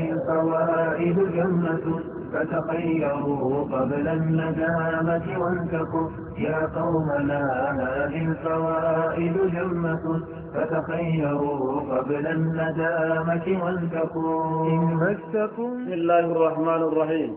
الفوائد جنة فتخيروا قبل الندامة وانتقوا يا قوم لا هذه الفوائد جنة فتخيروا قبل الندامة وانتقوا إن بسم الله الرحمن الرحيم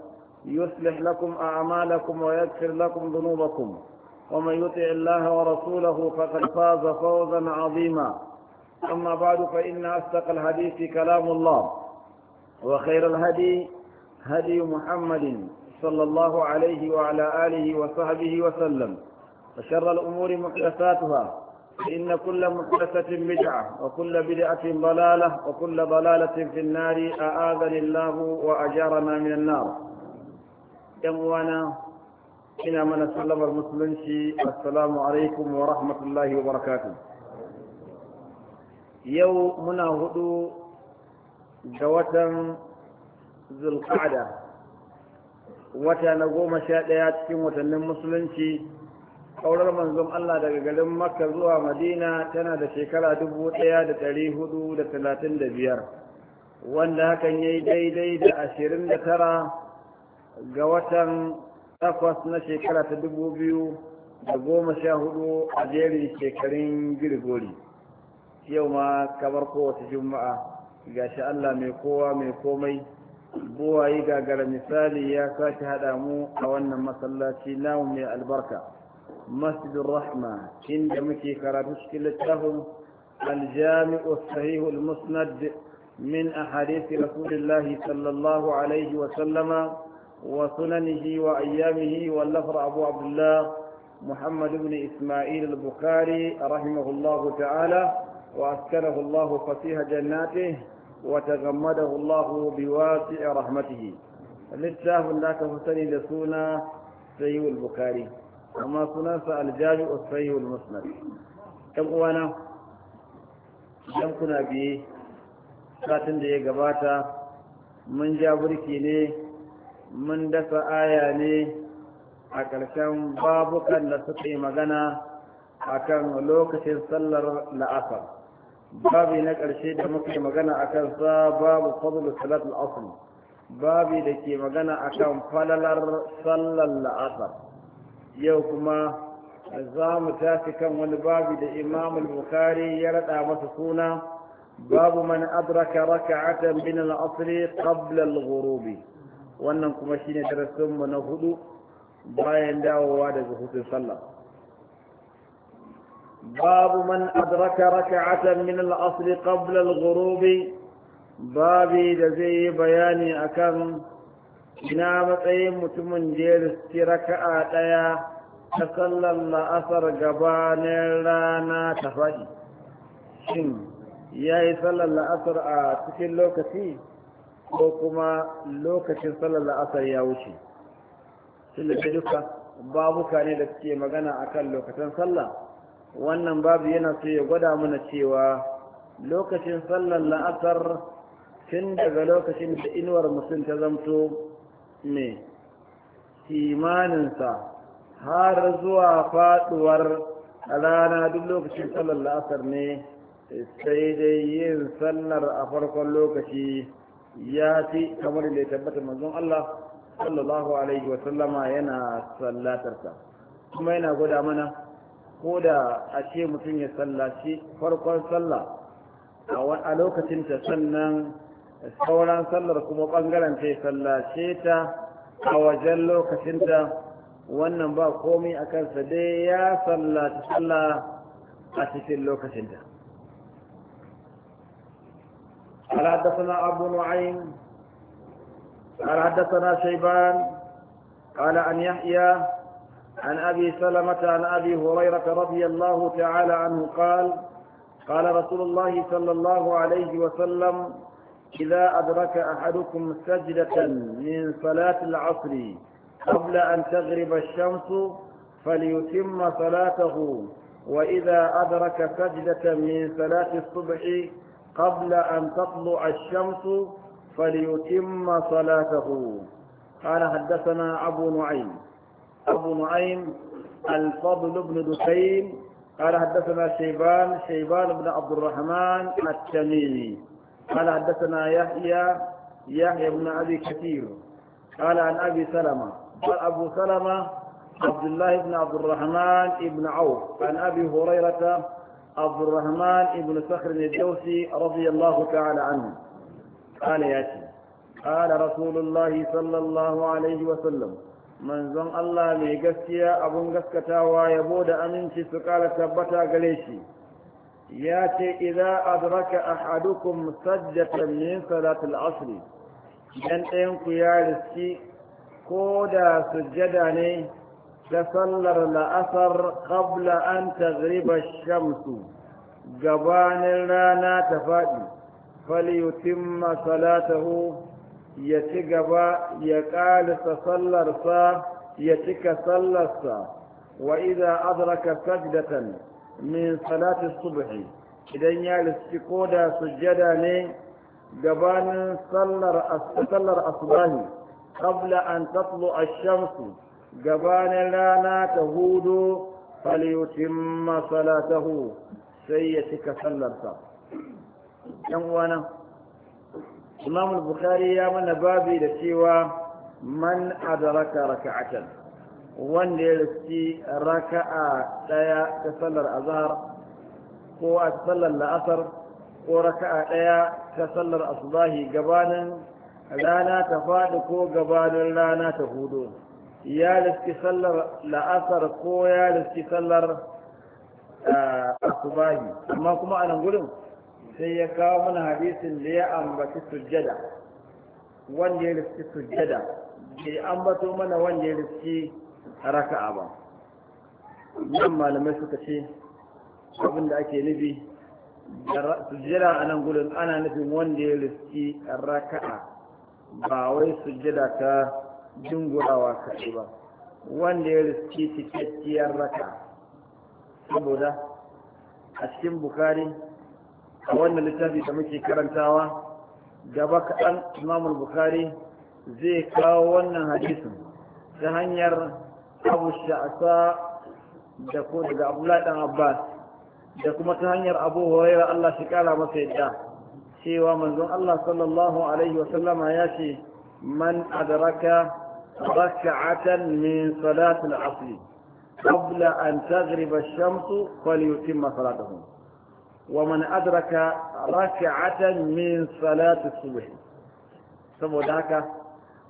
يصلح لكم أعمالكم ويغفر لكم ذنوبكم ومن يطع الله ورسوله فقد فاز فوزا عظيما أما بعد فإن أصدق الحديث كلام الله وخير الهدي هدي محمد صلى الله عليه وعلى آله وصحبه وسلم وشر الأمور محدثاتها فإن كل محدثة بدعة وكل بدعة ضلالة وكل ضلالة في النار أعاذني الله وأجارنا من النار yan uwana ina mana sallamar musulunci assalamu alaikum wa rahmatullahi wa yau muna hudu da watan zulkada wata na goma sha ɗaya cikin watannin musulunci ƙaurar manzon Allah daga garin Makka zuwa Madina tana da shekara dubu ɗaya da ɗari hudu da talatin da biyar wanda hakan ya yi daidai da ashirin da tara ga watan takwas na shekara ta dubu biyu da goma sha hudu a jerin shekarun girgori yau ma kamar kowace juma'a ga shi allah mai kowa mai komai buwayi gagara misali ya sake haɗa mu a wannan masallaci namu mai albarka masjidin rahma inda muke karatu cikin littafin aljami'u sahihul musnad min ahadisi rasulillahi sallallahu alaihi wa sallama وسننه وأيامه واللفر أبو عبد الله محمد بن إسماعيل البخاري رحمه الله تعالى وأسكنه الله فسيح جناته وتغمده الله بواسع رحمته للشاف لا تفتني لسونا سيو البخاري أما سننسى الجامع السيو المسند كم وانا كم كنا بيه satin da ya gabata mun ja burki ne mun dasa aya ne a ƙarshen babukan da suka yi magana a kan lokacin sallar la'asar babi na ƙarshe da muka yi magana a kan sa babu fadlu salat al'asr babi da ke magana a kan falalar sallar la'asar yau kuma za mu tafi kan wani babi da imam bukari ya raɗa masa suna babu man adraka raka'atan min al'asr qabla al-ghurubi wannan kuma shine darasinmu na hudu bayan dawowa daga hutun sallah babu man adraka raka'atan min al qabla al-ghurub babi da zai yi bayani akan ina matsayin mutumin da ya raka'a daya ta sallar la'asar gabanin rana ta faɗi shin ya yi sallar la'asar a cikin lokaci ko kuma lokacin sallar la'asar ya wuce tunda duka babuka ne da suke magana akan lokacin sallah wannan babu yana so ya gwada mana cewa lokacin sallar la'asar tun daga lokacin da inuwar mutum ta zamto ne kimaninsa har zuwa faduwar rana duk lokacin sallar la'asar ne sai dai yin sallar a farkon lokaci ya fi kamar da ya tabbata manzon Allah sallallahu alaihi wa sallama yana sallatarsa kuma yana gwada mana ko da a ce mutum ya sallaci farkon salla a lokacinta sannan sauran sallar kuma bangaren ta ya sallace ta a wajen lokacinta wannan ba komai a kansa dai ya sallaci salla a cikin lokacinta قال حدثنا أبو نعيم قال حدثنا شيبان قال عن يحيى عن أبي سلمة عن أبي هريرة رضي الله تعالى عنه قال قال رسول الله صلى الله عليه وسلم إذا أدرك أحدكم سجدة من صلاة العصر قبل أن تغرب الشمس فليتم صلاته وإذا أدرك سجدة من صلاة الصبح قبل أن تطلع الشمس فليتم صلاته قال حدثنا أبو نعيم أبو نعيم الفضل بن دسين قال حدثنا شيبان شيبان بن عبد الرحمن التميمي قال حدثنا يحيى يحيى بن أبي كثير قال عن أبي سلمة قال أبو سلمة عبد الله بن عبد الرحمن بن عوف عن أبي هريرة عبد الرحمن بن صخر الدوسي رضي الله تعالى عنه قال ياتي قال رسول الله صلى الله عليه وسلم من زن الله مي غسكيا ابون غسكتا ويبو ده امنتي سقال ثبتا غليشي ياتي اذا ادرك احدكم سجدة من صلاة العصر dan ɗayan ku ya riski ko da sujjada ne تسلر الأثر قبل أن تغرب الشمس جبان الرانا تفادي فليتم صلاته يتقبا يقال تسلر سا يتكسلر سا وإذا أدرك سجدة من صلاة الصبح اذا ya lissi ko da sujjada ne gabanin قبل ان qabla الشمس gabanin rana ta hudu falyutimma salatahu sai ya cika sallarsa yan uwana imam al-bukhari ya mana babi da cewa man adraka raka'atan wanda ya riski raka'a ɗaya ta sallar azhar ko a sallar la'asar ko raka'a ɗaya ta sallar asbahi gabanin rana ta faɗi ko gabanin rana ta hudu ya riski sallar la'asar ko ya riski sallar asubahi amma kuma a nan gudun sai ya kawo mana hadisin da ya ambaci sujjada wanda ya riski sujjada bai ambato mana wanda ya riski raka'a ba nan malamai suka ce abin da ake nufi sujjada a nan gudun ana nufin wanda ya riski raka'a ba wai sujjada ta jingurawa kaɗai ba wanda ya riski cikakkiyar raka saboda a cikin bukari a wannan littafi da muke karantawa gaba kaɗan imamul bukari zai kawo wannan hadisin ta hanyar abu sha'asa da ko daga abulaɗin abbas da kuma ta hanyar abu hurairah Allah shi kara masa yadda cewa manzon Allah sallallahu alaihi wa ya ce man adaraka. ركعة من صلاة العصر قبل أن تغرب الشمس فليتم صلاته ومن أدرك ركعة من صلاة الصبح سبو داكا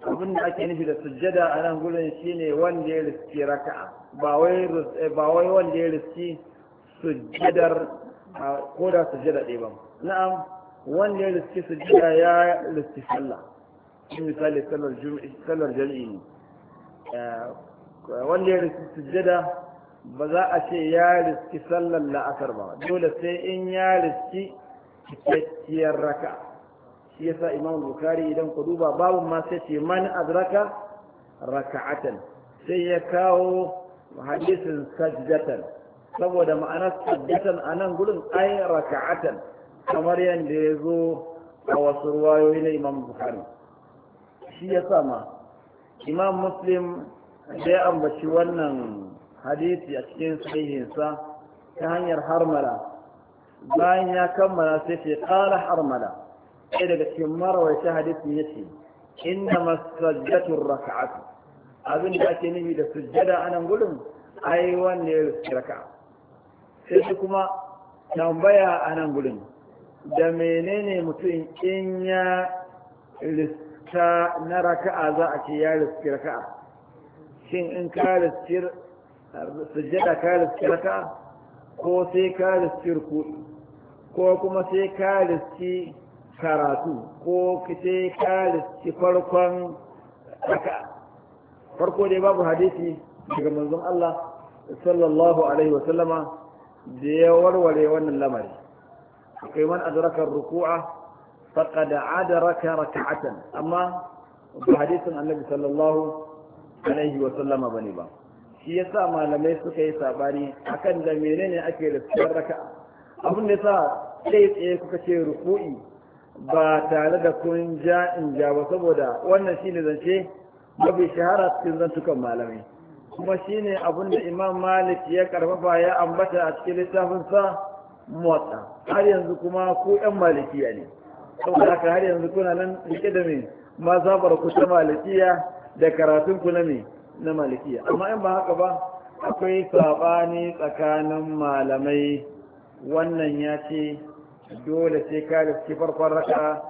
abin da ake nufi da sujada a nan gurin shine wanda ya riski raka'a ba wai wanda ya riski sujjadar ko da sujjada ɗaya na'am wanda ya riski ya riski sallah in misali sallar jam'i ne eh, wanda ya riski sujjada ba za a ce ya riski sallar la'asar ba dole sai in ya riski cikakkiyar raka shi yasa imam bukari idan ku duba babu ma sai ce man adraka raka'atan sai ya kawo hadisin sajjatan saboda ma'anar sajjatan a nan gudun ai raka'atan kamar yadda ya zo a wasu ruwayoyi na imam bukari shi ya sama imam muslim da ya ambaci wannan hadisi a cikin sahihinsa ta hanyar harmala bayan ya kammala sai ce kala harmala ɗaya daga cikin shi hadisi ya ce inna masajjatun raka'atu abin da ake nufi da sujjada a nan gudun ai wanda ya raka sai shi kuma tambaya a nan gudun da menene mutum in ya ta na raka'a za a ce ya riski raka'a shin in ka riski sujjada ka riski raka'a ko sai ka riski ku? ko kuma sai ka riski karatu ko sai ka riski farkon raka'a farko dai babu hadisi daga manzon Allah sallallahu alaihi wasallama da ya warware wannan lamari kai man adraka ruku'a faqad adraka rak'atan amma ba hadisin annabi sallallahu alaihi wa sallama bane ba shi yasa malamai suka yi sabani akan da menene ake rufiyar raka'a abin da sa sai tsaye kuka ce ruku'i ba tare da kun ja in ja ba saboda wannan shine zance mafi shahara cikin zantukan malamai kuma shine abin da imam malik ya karfafa ya ambata a cikin littafin sa motsa har yanzu kuma ko yan malikiya ne saboda haka har yanzu kuna nan rike da me ma zabar ku ta malikiya da karatun ku na me na malikiya amma in ba haka ba akwai sabani tsakanin malamai wannan ya ce dole sai ka da su farkon raka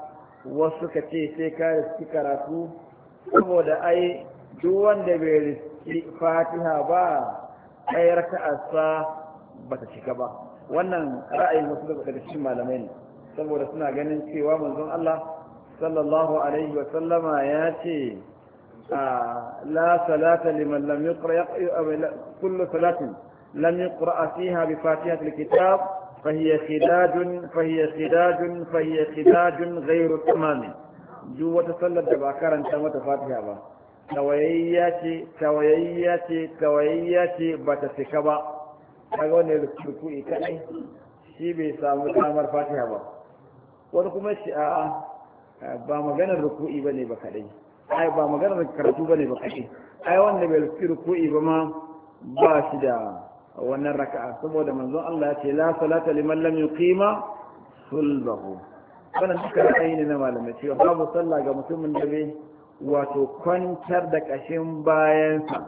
wasu ka ce sai ka da riski karatu saboda ai duk wanda bai riski fatiha ba ai kaasa ba ta cika ba wannan ra'ayin wasu daga cikin malamai ne saboda suna ganin cewa manzon Allah sallallahu alaihi wa sallama ya ce la salata liman lam yuqra kullu salatin lam yuqra fiha bi fatihatil kitab فهي خداج فهي خداج فهي خداج غير تمام جو وتصلت دبا كرنتا متى فاتحه با tawayayyace tawayayyace tawayayyace ba ta cika ba kaga wannan ruku'i kadai shi bai samu damar fatiha ba wani kuma ce a ba maganar ruku'i ba ne ba kaɗai ai ba maganar karatu ba ne ba kaɗai ai wanda bai rufi ruku'i ba ma ba shi da wannan raka'a saboda manzon Allah ya ce la salata liman lam yuqima sulbahu wannan duka ra'ayi ne na malamai cewa babu sallah ga mutumin da bai wato kwantar da kashin bayansa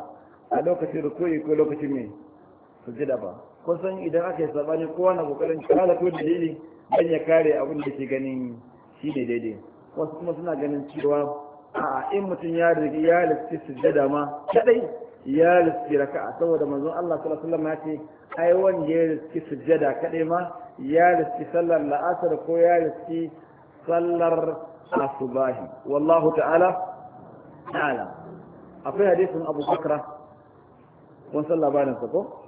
a lokacin ruku'i ko lokacin mai sujjada ba kusan idan aka yi sabani kowa na kokarin kala ko dalili don ya kare abin da ke ganin shi ne daidai wasu kuma suna ganin cewa a in mutum ya rigi ya lissi sujjada ma kadai ya lissi raka'a saboda manzon Allah sallallahu alaihi wasallam ya ce ai wanda ya lissi sujjada kadai ma ya lissi sallar la'asar ko ya lissi sallar asubahi wallahu ta'ala ta'ala akwai hadisin Abu Bakra kun san labarin sa ko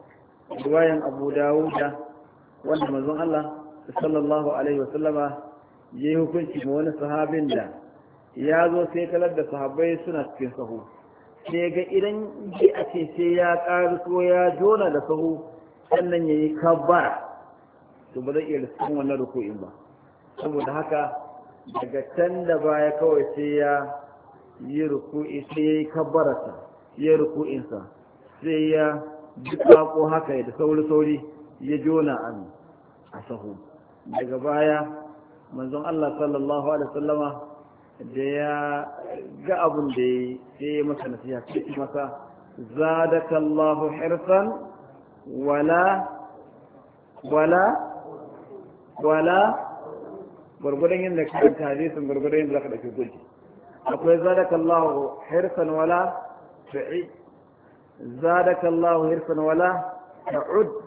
riwayan Abu dawuda wanda manzon Allah sallallahu alaihi wasallama ya yi hukunci ma wani sahabin da ya zo sai kalar da sahabbai suna cikin sahu sai ga idan yi a ce sai ya ƙari ko ya jona da sahu sannan ya yi kabbara to ba zai iya lissafin wannan ruku'in ba saboda haka daga can da baya kawai sai ya yi ruku'i sai ya yi ya yi ruku'insa sai ya duk ko haka da sauri-sauri ya jona a sahu daga baya manzon Allah sallallahu alaihi da ya ga abun da ya yi masa masa hirsan wala wala wala yin da kan yin da akwai hirsan wala hirsan wala ta'ud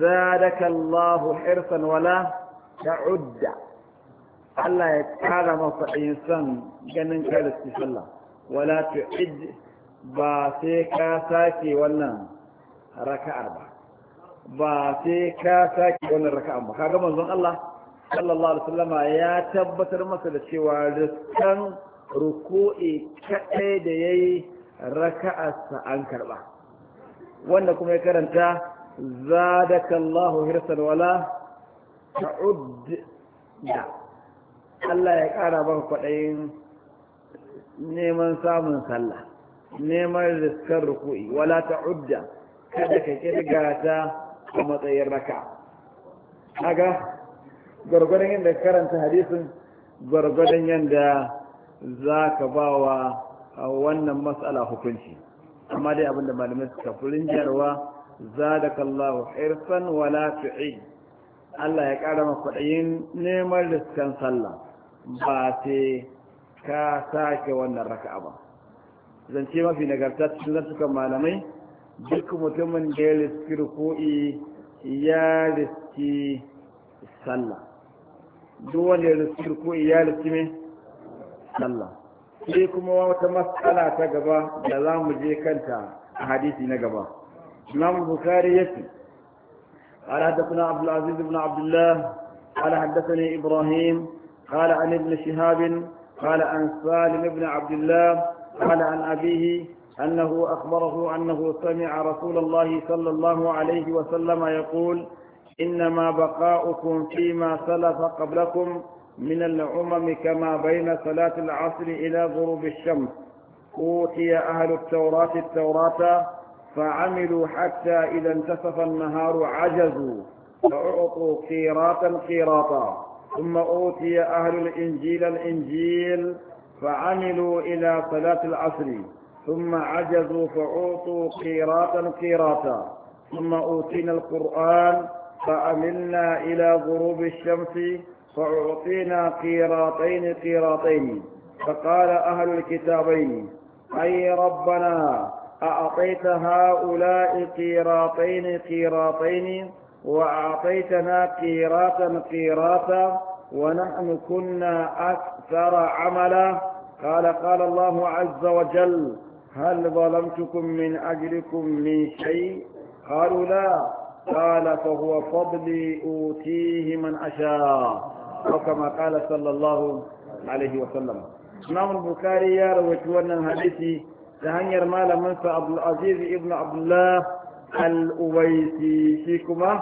zadaka Allahu hirsan wala ta'udda Allah ya kara masa insan ganin kada su sallah wala tu'id ba sai ka sake wannan raka'a ba ba sai ka sake wannan raka'a ba kaga manzon Allah sallallahu alaihi wasallama ya tabbatar masa da cewa riskan ruku'i kaɗai da yayi raka'arsa an karba wanda kuma ya karanta Zada Allahu hirsan wala ta'udda Allah ya ƙara ban kwaɗayin neman samun sallah neman riskar ruku'i wala ta'udda kada ka kirga ta a matsayin raka kaga gwargwadon yadda karanta hadisin gwargwadon yadda za ka ba wa wannan matsala hukunci amma dai abinda malamai suka furin jarwa zadakallahu hirsan wa lafi'i Allah ya ƙara maka kuɗin neman riskan sallah ba sai ka sake wannan raka'a ba zance mafi nagarta cikin zartukan malamai duk mutumin da ya riski ruku'i ya riski sallah duk wanda ya riski ruku'i ya riski mai sallah sai kuma wata matsala ta gaba da za mu je kanta a hadisi na gaba إمام البخاري يكفي قال حدثنا عبد العزيز بن عبد الله قال حدثني إبراهيم قال عن ابن شهاب قال عن سالم بن عبد الله قال عن أبيه أنه أخبره أنه سمع رسول الله صلى الله عليه وسلم يقول إنما بقاؤكم فيما سلف قبلكم من الأمم كما بين صلاة العصر إلى غروب الشمس أوتي أهل التوراة التوراة فعملوا حتى إذا انتصف النهار عجزوا فأعطوا قيراطا قيراطا ثم أوتي أهل الإنجيل الإنجيل فعملوا إلى صلاة العصر ثم عجزوا فأعطوا قيراطا قيراطا ثم أوتينا القرآن فعملنا إلى غروب الشمس فأعطينا قيراطين قيراطين فقال أهل الكتابين أي ربنا أعطيت هؤلاء قيراطين قيراطين وأعطيتنا قيراطا قيراطا ونحن كنا أكثر عملا قال قال الله عز وجل هل ظلمتكم من أجلكم من شيء قالوا لا قال فهو فضلي أوتيه من أشاء وكما قال صلى الله عليه وسلم إمام البخاري يروي عن الحديث da hanyar malaminsa abdulaziz ibn abdullah al’uwaiti shi kuma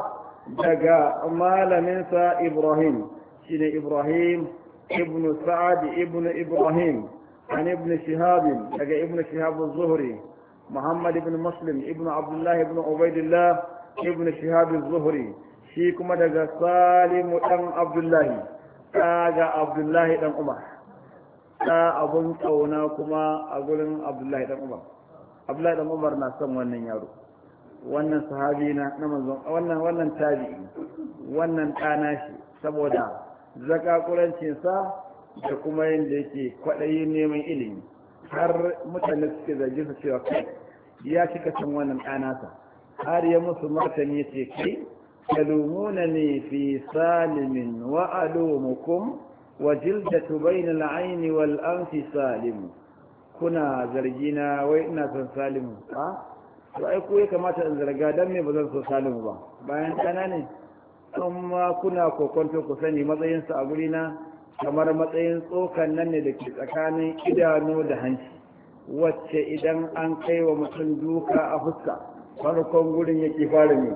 daga malaminsa ibrahim shi ne ibrahim ibn sa'adi ibn ibrahim an ibn shihabin daga ibn shihabin zuhri muhammad ibn muslim ibn abdullah ibn ubaidullah ibn shihabin zuhri shi kuma daga salimu ɗan abdullahi ɗaga abdullahi ɗan umar da abun kauna kuma a gurin abdullahi dan umar abdullahi dan umar na son wannan yaro wannan sahabi na na manzon wannan wannan tabi'i wannan ɗana shi saboda zakakurancin da kuma yanda yake kwaɗayi neman ilimi har mutane suke zargi su cewa kai ya cika san wannan ɗanata har ya musu martani yace ce kai kalumuna ne fi salimin wa alumukum wajildatu da aini wal anfi salimu kuna zargina wai ina son salimu a to ai ko ya kamata in zarga dan me bazan so salimu ba bayan kana ne amma kuna kokonto ku sani matsayinsa a gurina kamar matsayin tsokan nan ne da tsakanin idanu da hanci wacce idan an kai wa mutum duka a fuska farkon gurin yake fara ne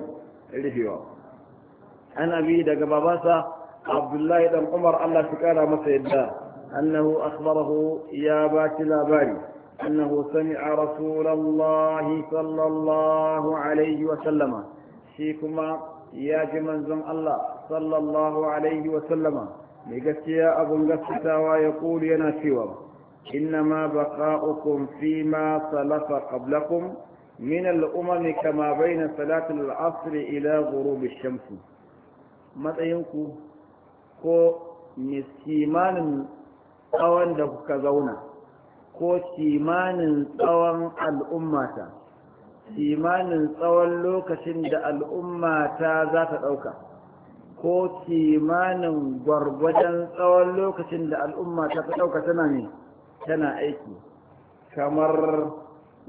Ana an daga babansa عبد الله بن عمر الله تكالا مسيدا أنه أخبره يا بات باري أنه سمع رسول الله صلى الله عليه وسلم شيكما يا جمن زم الله صلى الله عليه وسلم لقسيا أبو قسيتا ويقول ينا سوى إنما بقاؤكم فيما سلف قبلكم من الأمم كما بين صلاة العصر إلى غروب الشمس متى ينكو ko kimanin tsawon da kuka zauna ko kimanin tsawon al'ummata kimanin tsawon lokacin da al'ummata za ta ɗauka ko kimanin gwargwajen tsawon lokacin da al'ummata ta ɗauka tana ne tana aiki kamar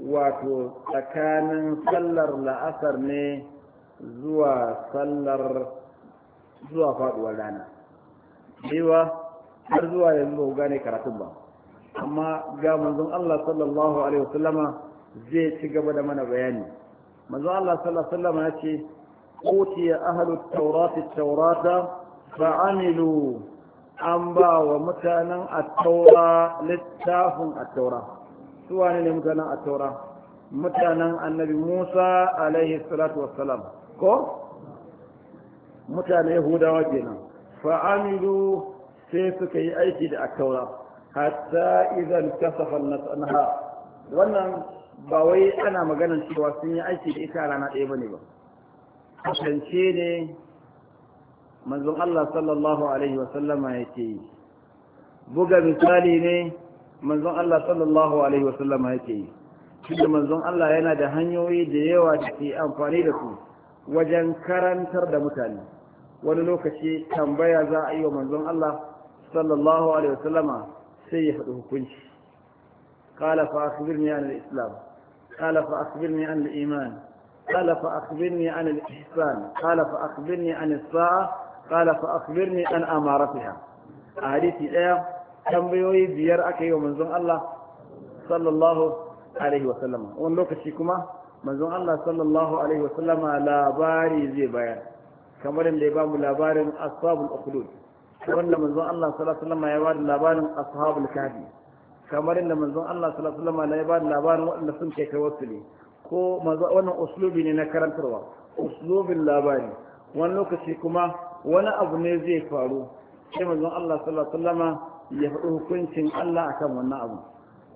wato tsakanin sallar la'asar ne zuwa sallar zuwa faɗuwar rana cewa har zuwa yanzu ba gane karatun ba amma ga manzon Allah sallallahu alaihi wasallama zai ci gaba da mana bayani manzon Allah sallallahu alaihi wasallama ya ce ya ahlu tawrati tawrata fa'amilu an ba wa mutanen at-taura littafin at-taura su wane ne mutanen at-taura mutanen annabi Musa alaihi salatu wassalam ko mutane Yahudawa kenan fa'amilu sai suka yi aiki da akaura hatta idan kasafa nahar wannan ba wai ana maganar cewa sun yi aiki da ita rana ɗaya ne ba kasance ne manzon Allah sallallahu alaihi wa sallama ke yi buga misali ne manzon Allah sallallahu alaihi wa sallama ke yi tunda manzon Allah yana da hanyoyi da yawa da ke amfani da su wajen karantar da mutane wani lokaci tambaya za a yi wa manzon Allah sallallahu alaihi wasallama sai ya faɗi hukunci qala fa akhbirni an al-islam qala fa akhbirni an al-iman qala fa akhbirni an al-ihsan qala fa akhbirni an as-sa'a qala fa akhbirni an fiha. a hadisi ɗaya tambayoyi biyar aka yi wa manzon Allah sallallahu alaihi wasallama wani lokaci kuma manzon Allah sallallahu alaihi wasallama labari zai bayar kamar da ya bamu labarin ashabul ukhdud kamar da manzon Allah sallallahu alaihi wasallam ya ba da labarin ashabul kahfi kamar da manzon Allah sallallahu alaihi wasallam ya ba da labarin waɗanda sun kai tawassuli ko wannan uslubi ne na karantarwa uslubin labari wani lokaci kuma wani abu ne zai faru sai manzon Allah sallallahu alaihi wasallam ya faɗi hukuncin Allah akan wannan abu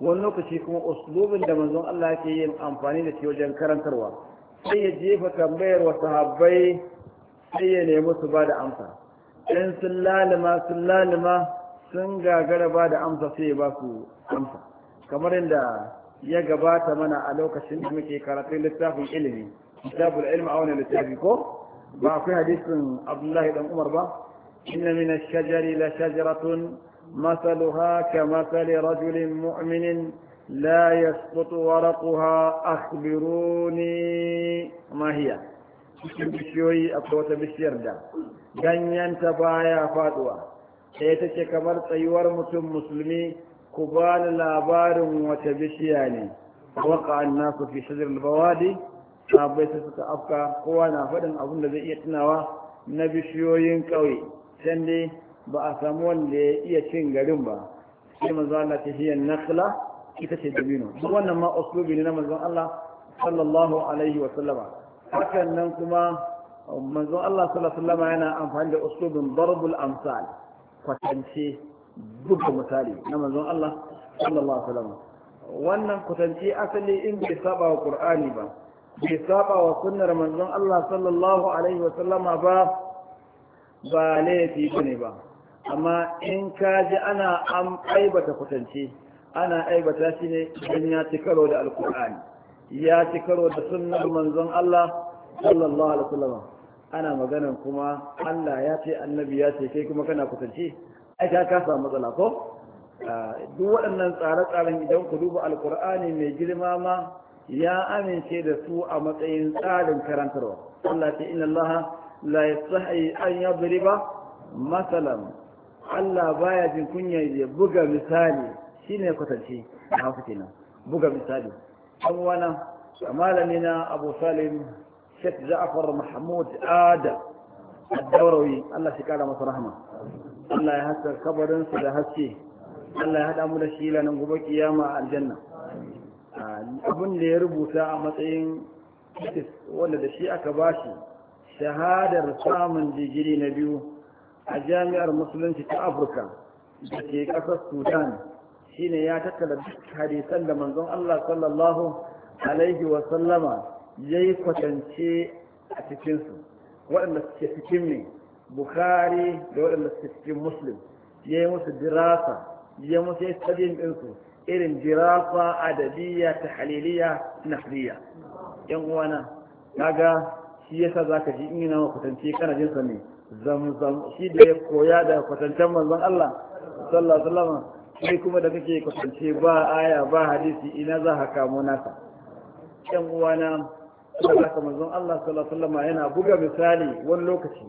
wani lokaci kuma uslubin da manzon Allah yake yin amfani da shi wajen karantarwa sai ya jefa tambayar wa sahabbai sai ya nemi su ba da amsa in sun lalima sun lalima sun gagara ba da amsa sai ya ba su amsa kamar inda ya gabata mana a lokacin da muke karatun littafin ilimi kitabul ilmi a wani littafi ko ba akwai hadisin abdullahi dan umar ba inna min ash-shajari la shajaratun مثلها كمثل رجل مؤمن لا يسقط ورقها أخبروني ما هي cikin bishiyoyi akwai wata bishiyar da ganyenta baya faduwa sai take kamar tsayuwar mutum musulmi ku ba ni labarin wata bishiya ne waka an nasu fi shajar bawadi sabai su suka afka kowa na faɗin abin da zai iya tunawa na bishiyoyin ƙauye can dai ba a samu wanda ya iya cin garin ba sai manzo Allah ta hiyar nakhla ita ce dabino duk wannan ma uslubi ne na manzo Allah sallallahu alaihi wa sallama hakan nan kuma manzon Allah sallallahu alaihi wasallam yana amfani da uslubin darbul amsal kwatance buga misali na manzon Allah sallallahu alaihi wasallam wannan kwatance asali in bai saba wa qur'ani ba bai saba wa sunnar manzon Allah sallallahu alaihi wasallama ba ba laifi bane ba amma in ka ji ana an aibata kwatance ana aibata shi ne idan ya ci karo da alkur'ani ya ci karo da sunnar manzon Allah sallallahu alaihi wasallam ana maganan kuma Allah ya ce annabi ya ce kai kuma kana kusance ai ka ka samu matsala ko ah, duk waɗannan tsare-tsaren idan ku duba alkur'ani mai girma ma ya amince da su a matsayin tsarin karantarwa Allah ce inna Allah la yastahi an yadriba masalan Allah baya jin kunya ya buga misali shine kwatance a kenan buga misali dan wana malami na Abu Salim Sheikh Ja'far Mahmud Ada Ad-Dawrawi Allah masa rahama Allah ya haska da haske Allah ya mu da shi lanan kiyama aljanna ah, abin da ya rubuta a matsayin wanda da shi aka bashi shahadar samun digiri na biyu a jami'ar musulunci ta Afirka da ke Sudan shine ya da ya yi kwatance a cikinsu waɗanda suke cikin ne bukhari da waɗanda suke cikin muslim ya yi musu dirasa ya musu yi stadium ɗinsu irin dirasa adabiyya ta haliliya nahriya yan uwana kaga shi yasa zaka ji in yana kwatance kana jin sa ne zamzam shi da ya koya da kwatancen manzon Allah sallallahu alaihi wasallam sai kuma da kake kwatance ba aya ba hadisi ina za ka kamo naka yan uwana saboda haka manzon Allah sallallahu alaihi wasallam yana buga misali wani lokaci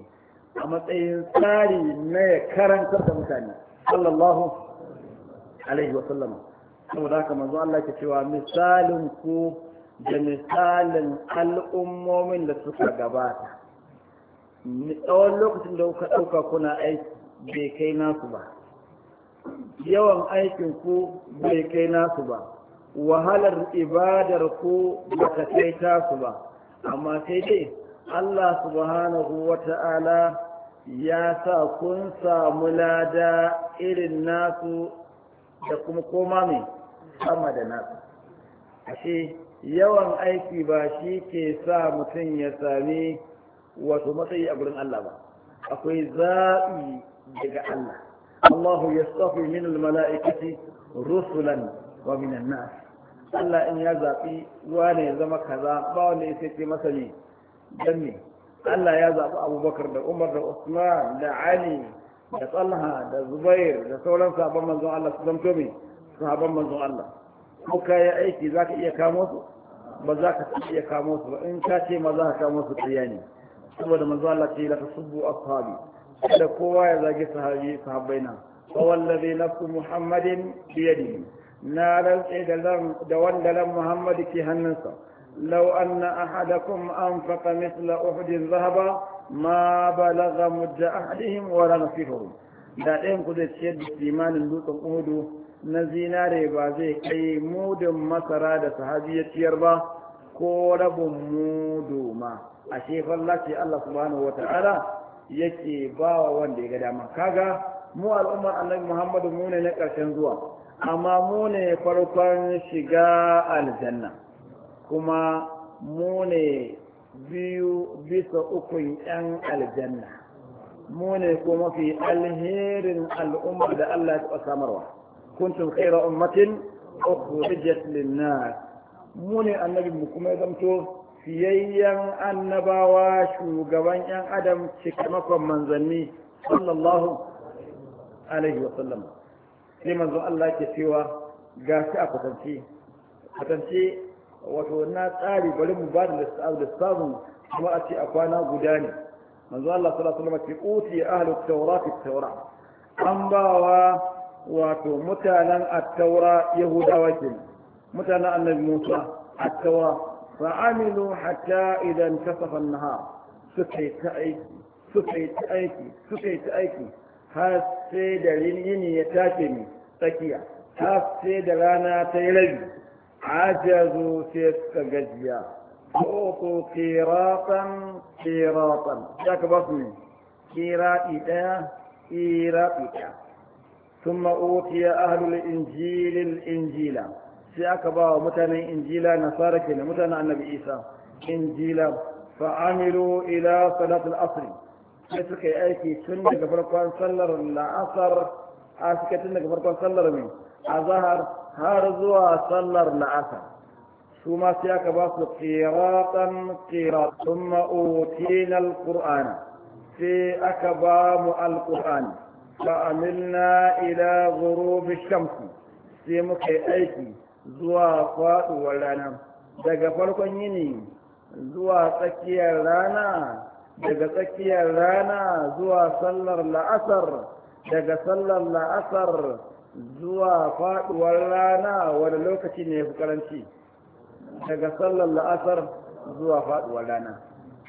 a matsayin tsari na ya karanta da mutane sallallahu alaihi wasallam saboda haka manzon Allah ke cewa misalin ku da misalin al'ummomin da suka gabata tsawon lokacin da kuka ɗauka kuna aiki bai kai nasu ba yawan aikin ku bai kai nasu ba wahalar ibadar ko baka kai su ba amma sai dai Allah subhanahu wata'ala ya sa kun samu lada irin nasu da kuma koma mai sama da nasu ashe yawan aiki ba shi ke sa mutum ya sami wasu matsayi a gurin Allah ba akwai zaɓi daga Allah Allahu ya min al-mala'ikati rusulan wa minan nasu Allah in ya zaɓi ruwa ne ya zama kaza ba wanda ya sai masa ne don ne Allah ya zaɓi abubakar da umar da usman da ali da tsalha da zubair da sauran sabon manzon Allah su zamto mai haɓar manzon Allah ko ka yi aiki za ka iya kamo su ba za ka iya kamo su ba in ka ce ma za ka kamo su tsaya ne saboda manzon Allah ce laka subu ashabi da kowa ya zagi sahabi sahabbai nan fa wallazi nafsu muhammadin biyadihi na rantse da wanda ran Muhammadu ke hannunsa lau anna ahadakum anfaqa mithla uhudin zahaba ma balagha mudda ahadihim wa la nasifuhum da ɗayan ku zai ciyar da imanin dutsen Udu, na zinare ba zai kai mudun masara da sahabi ciyar ba ko rabin mudu ma a shefan lati Allah subhanahu wa ta'ala yake ba wa wanda ya ga dama kaga mu al'ummar annabi Muhammadu mu ne na ƙarshen zuwa amma mu ne farkon shiga aljanna kuma mu ne biyu bisa ukun 'yan aljanna mu ne kuma fi alherin al'umma da Allah ya samarwa kuntum khaira ummatin ukhrijat lin-nas mu ne annabi mu kuma ya zamto fiyayyen annabawa shugaban 'yan adam cikin makon manzanni sallallahu alaihi wa sallam sai manzo Allah ke cewa ga shi a kwatance kwatance wato na tsari bari mu ba da lissafin kuma a ce a kwana guda ne manzo Allah sallallahu alaihi wasallam ke uti ahlul tawrat at-taura an bawa wato mutanen at-taura yahudawa kenan mutanen annabi Musa at-taura fa amilu hatta idan kasafa an-nahar suka yi ta aiki suka yi ta aiki suka yi ta aiki har sai da yini ya take ni tsakiya ta ce da rana ta yi rabi ajazu sai suka gajiya ko kiratan kiratan ya ka ba su ne kirati ɗaya kirati ɗaya sun ya ahalul injilin injila sai aka ba wa mutanen injila nasara ke na mutanen annabi isa injila fa'amilu ila salatul asri sai suka yi aiki tun daga farkon sallar la'asar a daga farkon sallar mai zahar. har zuwa sallar la'asa su ma sai aka ba su qiratan qirat ma'otin al alquran sai aka ba mu Ba a amilna ila zuru ash sai muka yi aiki zuwa faduwar rana daga farkon yini zuwa tsakiyar rana daga tsakiyar rana zuwa sallar la'asar daga sallar la'asar zuwa faduwar rana wani lokaci ne ya fi karanci daga sallar la'asar zuwa faduwar rana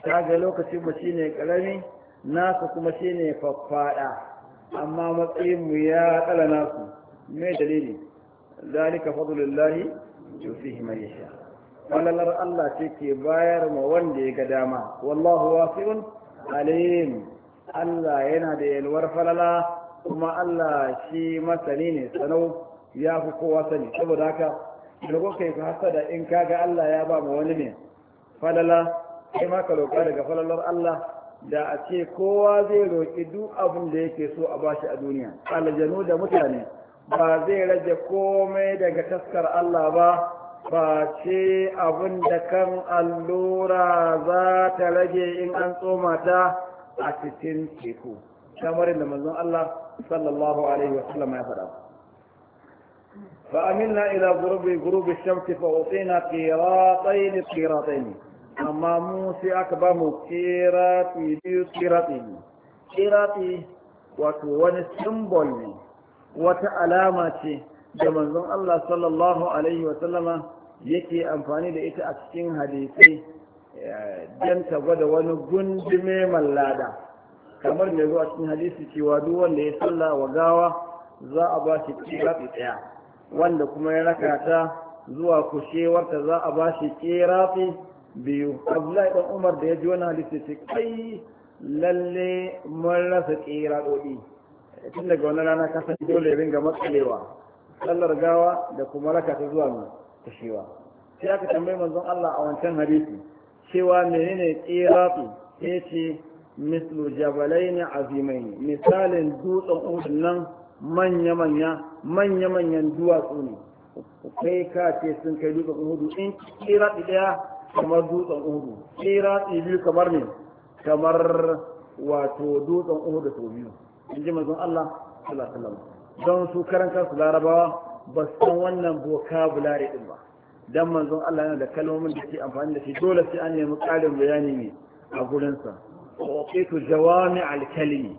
kaga lokacin mu shine karami nasu kuma shine faffada amma matsayin mu ya kala nasu me dalili zalika fadlullahi yusihi man yasha wallalar Allah ce ke bayar ma wanda ya ga dama wallahu wasi'un alim Allah yana da yalwar falala kuma Allah shi masani ne sanau ya fi kowa sani saboda haka da kai yi hasada in kaga Allah ya ba mu wani ne falala sai ma ka roƙa daga falalar Allah da a ce kowa zai roƙi duk abin da yake so a bashi a duniya aljanu da mutane ba zai rage komai daga taskar Allah ba ba ce abin da kan allura za ta rage in an tsoma ta a cikin teku kamar da manzon Allah sallallahu alaihi wa sallam ya faɗa فأملنا إلى غروب غروب الشمس فأعطينا قيراطين قيراطين أما موسى wato wani قيراطين ne wata alama ce da manzon Allah sallallahu Alaihi sallama yake amfani da ita a cikin hadisai eh, danta ta gwada wani gundume mallada kamar mai zuwa cikin hadisi cewa duk wanda ya salla wa gawa za a ba shi ɗaya wanda kuma ya rakata zuwa kushewarta za a ba shi biyu abdullahi dan umar da ya ji wani hadisi ce kai lalle mun rasa dodi tun daga wannan rana ka san dole ringa matsalewa sallar gawa da kuma rakata zuwa zuwa kushewa sai aka tambayi manzon Allah a wancan hadisi cewa menene kirafi sai ce mislu jabalaini azimaini misalin dutsen uhud nan manya-manya manya-manyan duwatsu ne kai ka ce sun kai dutsen uhudu in kira ɗaya kamar dutsen uhudu kira biyu kamar ne kamar wato dutsen uhudu sau biyu in ji mazun Allah sallallahu alaihi don su karan kansu larabawa ba san wannan vocabulary din ba dan manzon Allah yana da kalmomin da ke amfani da shi dole sai an nemi ƙarin bayani ne a gurinsa وأعطيت جوامع الكلم